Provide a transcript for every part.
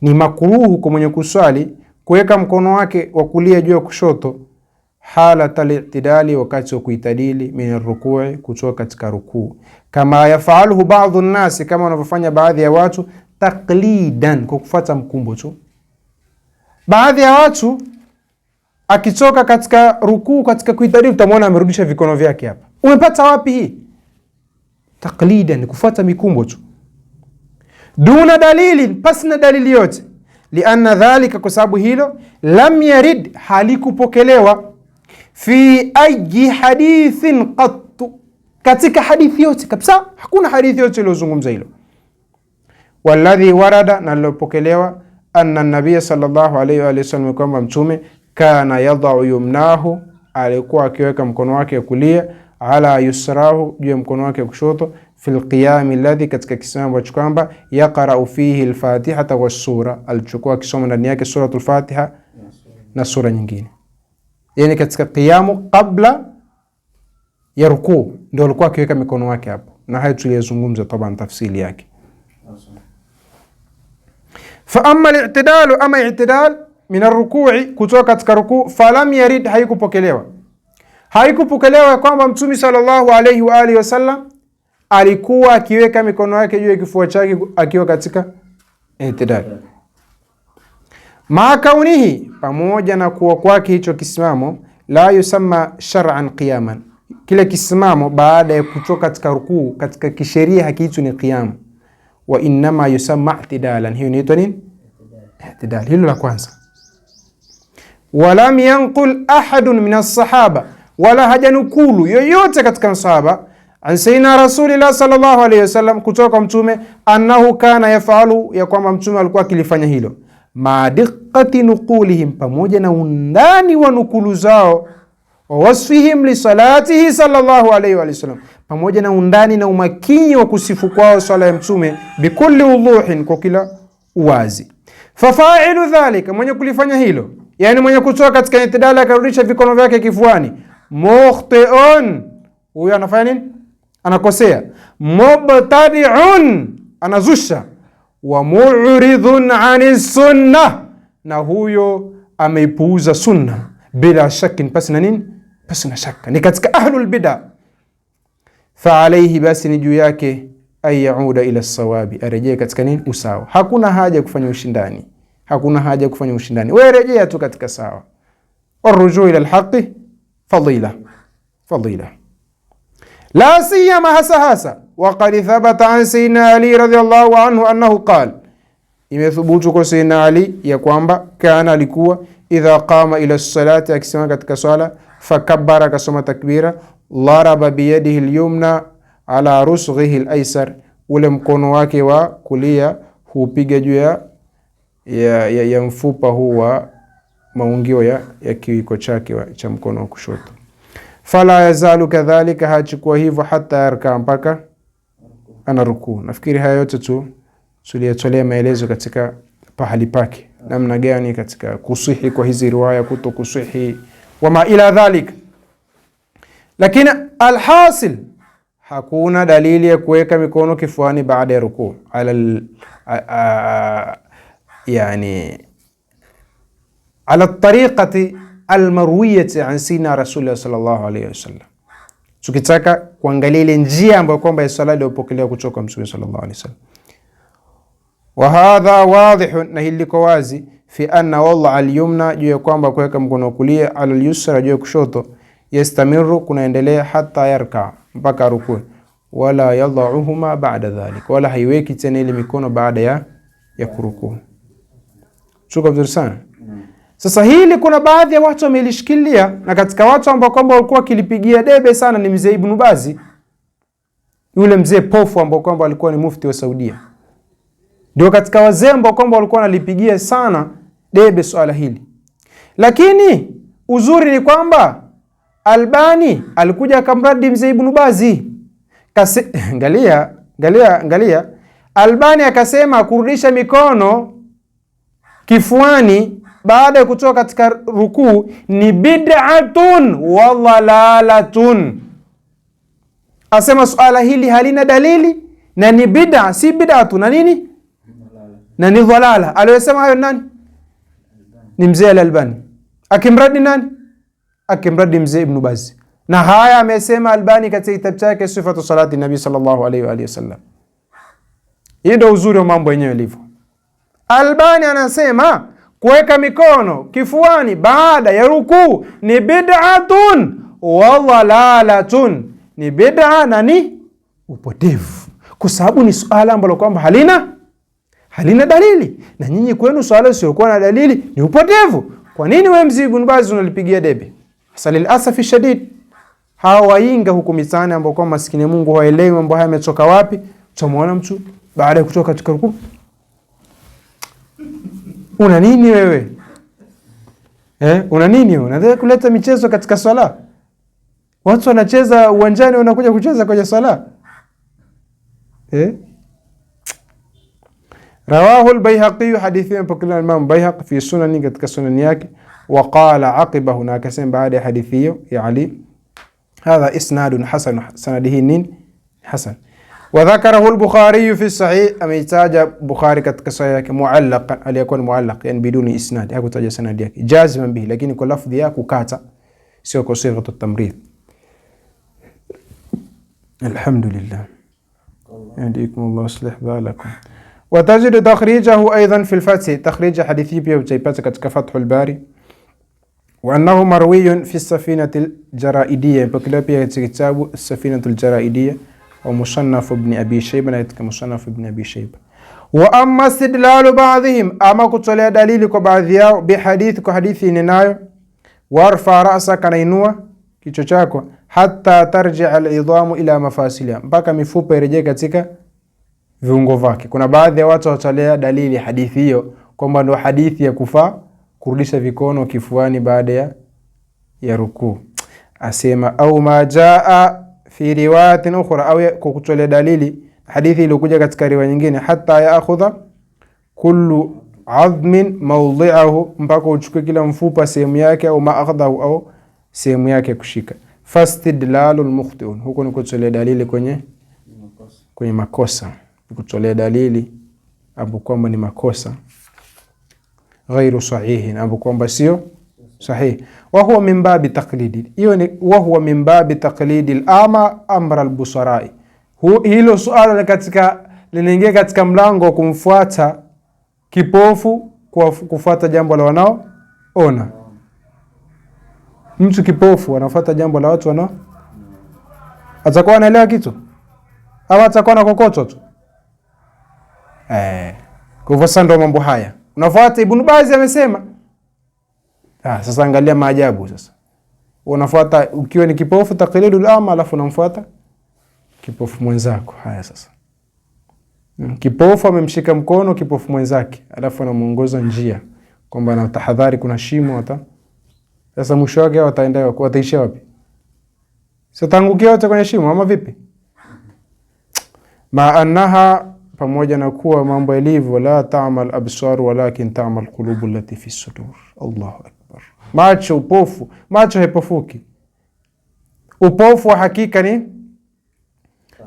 Ni makuruhu kwa mwenye kuswali kuweka mkono wake wa kulia juu ya kushoto, hala talitidali, wakati wa kuitadili, min rukui, kutoka katika rukuu, kama yafaaluhu baadhu nnasi, kama wanavyofanya baadhi ya watu, taklidan, kwa kufuata mkumbo tu. Baadhi ya watu akitoka katika rukuu katika kuitadili, utamwona amerudisha vikono vyake hapa. Umepata wapi hii? Taklidan, kufuata mikumbo tu duna dalili pasi na dalili yote. Lianna dhalika, kwa sababu hilo. Lam yarid, halikupokelewa. Fi ayi hadithin qattu, katika hadithi yote kabisa, hakuna hadithi yote iliyozungumza hilo. Walladhi warada, na lilopokelewa. Anna nabiya sallallahu alayhi wa sallam, kwamba mtume kana yadau yumnahu, alikuwa akiweka mkono wake kulia, ala yusrahu, juu ya mkono wake kushoto fi lqiyami alladhi, katika kisima ambacho kwamba yaqrau fihi lfatihata wassura, alichokuwa akisoma ndani yake suratul Fatiha na sura nyingine, yani katika qiyamu qabla ya rukuu ndio alikuwa akiweka mikono wake hapo, na hayo tuliyozungumza taban tafsili yake. Fa amma al ama i'tidal min ar kutoka katika rukuu. Falam yarid, haikupokelewa haikupokelewa kwamba Mtume sallallahu alayhi wa alihi wasallam alikuwa akiweka mikono yake juu ya kifua chake akiwa katika itidal maa kaunihi, pamoja na kuwa kwake hicho kisimamo, la yusamma shar'an qiyaman, kile kisimamo baada ya kutoka katika rukuu katika kisheria hakiitwi ni qiyam, wa innama yusamma i'tidalan, hiyo inaitwa nini? I'tidal. Hilo la kwanza. Walam yanqul ahadun min as-sahaba, wala hajanukulu yoyote katika masahaba an sayidina rasulillah sallallahu alayhi wasallam, kutoka Mtume, annahu kana yafalu, ya kwamba Mtume alikuwa akilifanya hilo. Madiqati nuqulihim, pamoja na undani wa nukulu zao, wa wasfihim lisalatihi sallallahu alayhi wa sallam, pamoja na undani na umakini wa kusifu kwao swala ya Mtume, bikulli wuduhin, kwa kila uwazi. Fafailu dhalika, mwenye kulifanya hilo, yani mwenye kutoka katika itidali akarudisha vikono vyake kifuani, mukhtiun, huyo anafanya nini? anakosea. Mubtadiun, anazusha. Wa muridhun ani sunna, na huyo ameipuuza sunna bila shakin, pasi na nini? Pasi na shaka, ni katika ahlul bida. Fa alaihi, basi ni juu yake an yauda ila sawabi, arejee katika nini? Usawa. Hakuna haja ya kufanya ushindani, hakuna haja ya kufanya ushindani, wewe rejea tu katika sawa. Warujuu ila lhaqi fadila, fadila la siyama hasa hasa waqad thabata an sayyidina Ali radhiyallahu anhu annahu qala, imethubutu kwa sayyidina Ali ya kwamba kana alikuwa idha qama ila salati, akisimama katika swala fakabara, akasoma takbira, dharaba biyadihi lyumna ala rusghihi laisar ule mkono wake wa kulia huupiga juu ya, ya, ya mfupa huu wa maungio ya, ya kiwiko chake cha mkono wa kushoto fala yazalu kadhalika, hachukua hivyo hata yarkaa, mpaka ana rukuu Nafikiri haya yote tu tuliyatolea maelezo katika pahali pake, namna gani katika kusihi kwa hizi riwaya, kuto kusihi wama ila dhalik. Lakini alhasil hakuna dalili ya kuweka mikono kifuani baada ya rukuu ala yani ala tariqati almarwiyati an sina rasulillah sallallahu alayhi wasallam. Tukitaka kuangalia ile njia ambayo kwamba sala iliyopokelewa kutoka kwa mtume sallallahu alaihi wasallam, wa hadha wadhihu, na hili liko wazi, fi anna walla alyumna, juu ya kwamba kuweka mkono wa kulia, ala alyusra, juu ya kushoto, yastamiru, kunaendelea hata yarka, mpaka ruku. wala yadhuhuma baada dhalik, wala haiweki tena ile mikono baada ya ya kuruku. Tuko sana. Sasa hili kuna baadhi ya watu wamelishikilia, na katika watu ambao kwamba walikuwa wakilipigia debe sana ni mzee Ibnu Bazi, yule mzee pofu ambao kwamba alikuwa ni mufti wa Saudia. Ndio katika wazee ambao kwamba walikuwa wanalipigia sana debe swala hili, lakini uzuri ni kwamba Albani alikuja akamradi mzee Ibnu Bazi Kase... angalia angalia ngalia. Albani akasema kurudisha mikono kifuani baada ya kutoka katika rukuu ni bid'atun wa dhalalatun. Asema suala hili halina dalili na ni bid'a, si bid'atu na nini na ni dhalala. Aliyosema hayo nani? Ni mzee Al-Albani, akimradi nani? Akimradi mzee Ibn Baz. Na haya amesema Albani katika kitabu chake Sifatu Salati Nabi sallallahu alayhi wa alihi wasallam. Hii ndio uzuri wa mambo yenyewe ilivyo. Albani anasema kuweka mikono kifuani baada ya rukuu ni bid'atun wa dhalalatun, ni bid'a na ni upotevu, kwa sababu ni suala ambalo kwamba halina halina dalili, na nyinyi kwenu suala siokuwa na dalili ni upotevu. Kwa nini wewe mzee Ibn Baz unalipigia debe? Asalil asafi shadid, hawa wainga huku mitaani ambao kwa maskini Mungu hawaelewi mambo haya yametoka wapi. Utamwona mtu baada ya kutoka katika rukuu una nini wewe eh? una nini? Unataka kuleta michezo katika swala? Watu wanacheza uwanjani, wanakuja kucheza kwenye swala eh? Rawahu lbaihaqiyu baihaqi hadithi imepokelewa na Imam Baihaqi fi sunani, katika sunani yake. waqala aqibahu, na akasema baada ya hadithi hiyo ya Ali, hadha isnadun hasan, sanadi hii nini hasan وذكره البخاري في الصحيح أم يتاج بخاري كتصحيح معلقا هل يكون معلق يعني بدون إسناد يكون تاج سند جازما به لكن كل لفظ يك وكاتا سيكون صيغة التمريض الحمد لله يهديكم الله أصلح بالكم وتجد تخريجه أيضا في الفتح تخريج حديثي بيو جيباتك كفتح الباري وأنه مروي في السفينة الجرائدية بكلابية كتاب السفينة الجرائدية au Mushannaf ibn Abi Shayba katika Mushannaf ibn Abi Shayba. Wa amma istidlalu ba'dihim, ama kutolea dalili kwa baadhi yao, bihadithi, kwa hadithi nenayo, warfa rasaka, nainua kichwa chako, hatta al alidhamu ila mafasilia mpaka mifupa irejee katika viungo vyake. Kuna baadhi ya watu watolea dalili hadithi hiyo kwamba ndo hadithi ya kufaa kurudisha vikono kifuani baada ya ya rukuu, asema au majaa fi riwayatin ukhra, au kwa dalili hadithi iliyokuja katika riwaya nyingine, hata yaakhudha kullu adhmin mawdi'ahu, mpaka uchukue kila mfupa sehemu yake, au maakhdahu, au sehemu yake kushika. Fastidlalu lmukhtiun, huko ni kutolea dalili kwenye kwenye makosa, kutolea dalili ambapo kwamba ni makosa ghairu sahihin, ambapo kwamba sio sahih wahuwa min babi taqlidi, hiyo ni wahuwa min babi taqlidi al-ama amra al-busarai. Hilo suala katika linaingia katika mlango wa kumfuata kipofu kwa kufuata jambo la wanao ona. Mtu kipofu anafuata jambo la watu wanao, atakuwa anaelewa kitu au atakuwa na kokoto tu eh. Kwa hivyo sasa ndo mambo haya unafuata. Ibn Baz amesema Ah, sasa angalia maajabu sasa. Unafuata ukiwa ni kipofu taqlidu al ama, alafu unamfuata kipofu mwenzako. Haya sasa. Hmm, kipofu amemshika mkono kipofu mwenzake, alafu anamuongoza njia kwamba na tahadhari, kuna shimo hata. Sasa mwisho wake wataenda wapi? Wataishia wapi? Sasa tangukia wote kwenye shimo ama vipi? Ma annaha pamoja na kuwa mambo yalivyo, la ta'mal absar walakin ta'mal qulubu allati fi sudur. Allahu akbar macho upofu, macho hepofuki. Upofu wa hakika ni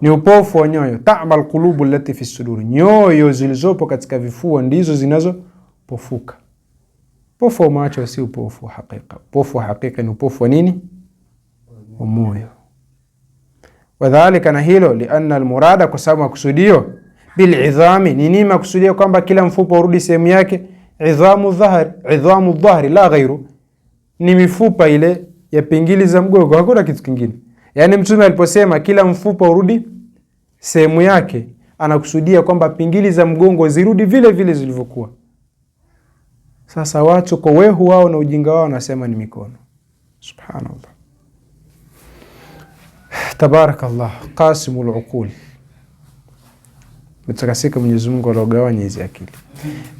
ni upofu wa nyoyo. Tamal qulubu allati fi suduri, nyoyo zilizopo katika vifua ndizo zinazopofuka. Upofu wa macho si upofu wa hakika. Upofu wa hakika ni upofu wa nini? Wa moyo. Wadhalika, na hilo lianna almurada, kwa sababu makusudio bilidhami ni nini? Makusudio kwamba kila mfupa urudi sehemu yake. Idhamu dhahri, idhamu dhahri la ghairu ni mifupa ile ya pingili za mgongo, hakuna kitu kingine. Yaani Mtume aliposema kila mfupa urudi sehemu yake, anakusudia kwamba pingili za mgongo zirudi vile vile zilivyokuwa. Sasa watu kwa wehu wao na ujinga wao wanasema ni mikono. Subhanallah, tabarakallah, qasimul uqul. Mtakasika Mwenyezi Mungu aliogawanya hizi akili.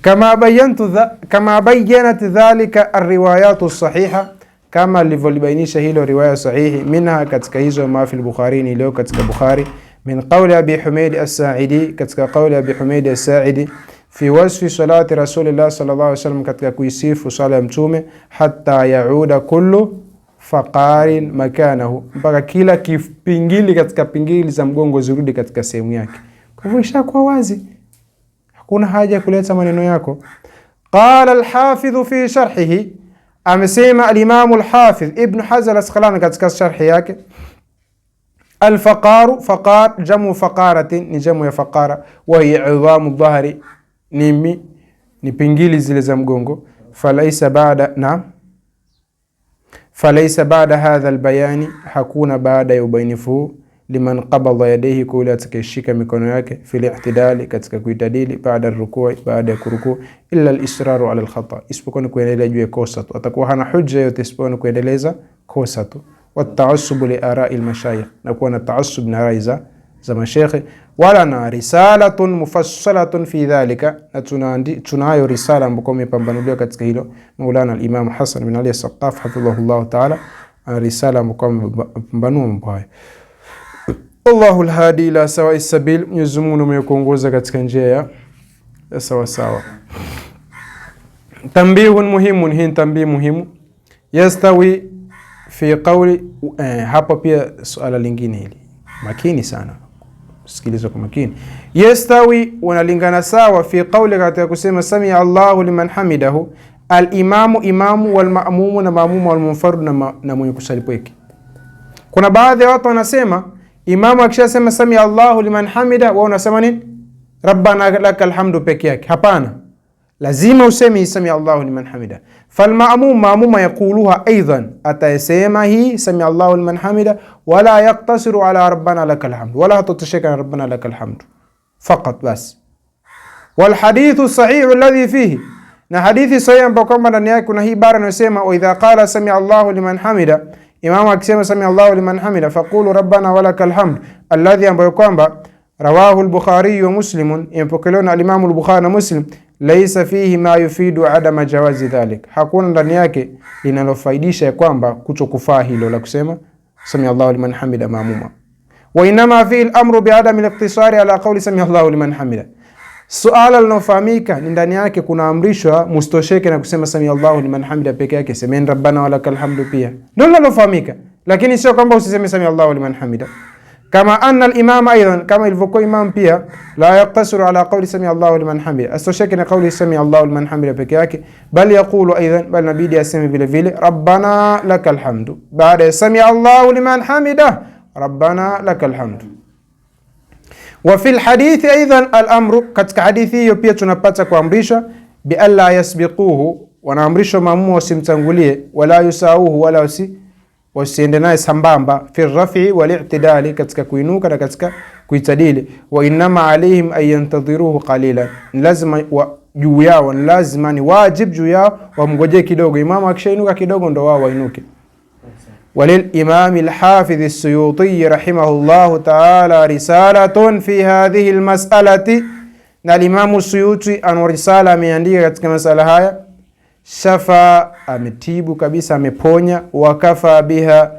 Kama bayantu dha, kama bayanat dhalika arriwayatu sahiha, kama alivyolibainisha hilo riwaya sahihi, minha katika hizo ma fi bukhari ni leo katika Bukhari, min qawli Abi Humayd as-Sa'idi, katika qawli Abi Humayd as-Sa'idi fi wasfi salati Rasulillah sallallahu alayhi wasallam, katika kuisifu sala ya Mtume, hatta yauda kullu faqarin makanahu, mpaka kila kipingili katika pingili za mgongo zirudi katika sehemu yake. Kwa hivyo ishakuwa wazi, hakuna haja ya kuleta maneno yako. Qala alhafidhu fi sharhihi, amesema alimamu alhafidh Ibn Hajar al-Asqalani katika sharhi yake Alfaqaru, faqar jamu faqaratin, ni jamu ya faqara. Wa hiya idhamu dhahri, nimi ni pingili zile za mgongo. Falaisa baada na falaisa baada hadha albayani, hakuna baada ya ubainifu huu liman qabada yadaihi, kwa yule atakayeshika mikono yake, fil i'tidali, katika kuitadili, baada rukui, baada ya kuruku, illa al-israru ala al-khata, isipokuwa ni kuendelea juu ya kosa tu, atakuwa hana hujja yote isipokuwa ni kuendeleza kosa tu, wa ta'assub li ara'i al-mashayikh, na kuwa na ta'assub na rai za za mashekhe. Wala na risalatun mufassalatun fi dhalika, na tunayo risala ambayo imepambanuliwa katika hilo. Maulana al-Imam Hassan bin Ali as-Saqaf hafidhahullah ta'ala, ana risala ambayo imepambanua mambo haya. Allahu alhadi ila sawai sabil, Mwenyezi Mungu ndiye mwenye katika njia ya sawa sawa. Tambihun muhimun, hii tambihi muhimu. Yastawi fi qawli eh, hapa pia suala lingine hili, makini sana, sikiliza kwa makini. Yastawi, wanalingana sawa, fi qawli, katika kusema samia Allahu liman hamidahu, alimamu imamu, walmamumu na maamumu, walmunfardu na mwenye kusali pweke. Kuna baadhi ya watu wanasema Imamu akishasema sami Allahu liman hamida, wa unasema nini? Rabbana laka alhamdu peke yake? Hapana, lazima useme sami Allahu liman hamida. Falmamum, maamuma yaquluha aidan, atayasema hii sami Allahu liman hamida, wala yaktasiru ala rabbana laka alhamdu wala hatatosheka na rabbana lakal hamdu faqat, basi. Walhadithu sahihu alladhi fihi, na hadithi sahihi ambayo kwamba ndani yake kuna hii bara inayosema wa idha qala sami Allahu liman hamida Imamu akisema samia Allahu liman hamida, faqulu rabbana walakal hamd, alladhi ambayo kwamba rawahu al-Bukhari wa Muslim, imepokelewa na Imamu al-Bukhari na Muslim. Laisa fihi ma yufidu adama jawazi dhalik, hakuna ndani yake linalofaidisha ya kwamba kutokufaa hilo la kusema samia Allahu liman hamida maamuma. Wa inama fihi al-amru bi adami al-iqtisari ala qawli samia Allahu liman hamida Suala linalofahamika ni ndani yake kuna amrishwa mustosheke na kusema sami Allahu liman hamida peke yake, semen rabbana wa lakal hamdu, pia ndio linalofahamika, lakini sio kwamba usiseme sami Allahu liman hamida kama anna al-imam aidan, kama ilivyokuwa imam pia, la yaqtasiru ala qawli sami Allahu liman hamida, astosheke na qawli sami Allahu liman hamida peke yake, bali yaqulu aidan, bal nabidi aseme vile vile rabbana lakal hamdu, baada ya sami Allahu liman hamida rabbana lakal hamdu. Wa fil hadithi aidan al-amru, katika hadithi hiyo pia tunapata kuamrishwa bi alla yasbiquhu, wanaamrishwa maamuma wasimtangulie, wala yusauhu, wala wasi wasiende naye sambamba, fi rafi wal i'tidali, katika kuinuka na katika kuitadili. Wa innama alaihim an yantadhiruhu qalilan, lazima juu yao, lazima ni wajib juu yao wamngojee kidogo. Imamu akishainuka kidogo ndo wao wainuke. وللإمام الحافظ السيوطي رحمه الله تعالى رسالة في هذه المسألة الإمام السيوطي أن رسالة من ديرت كما هاي شفا أمتيب كبيسة مبونيا وكفى بها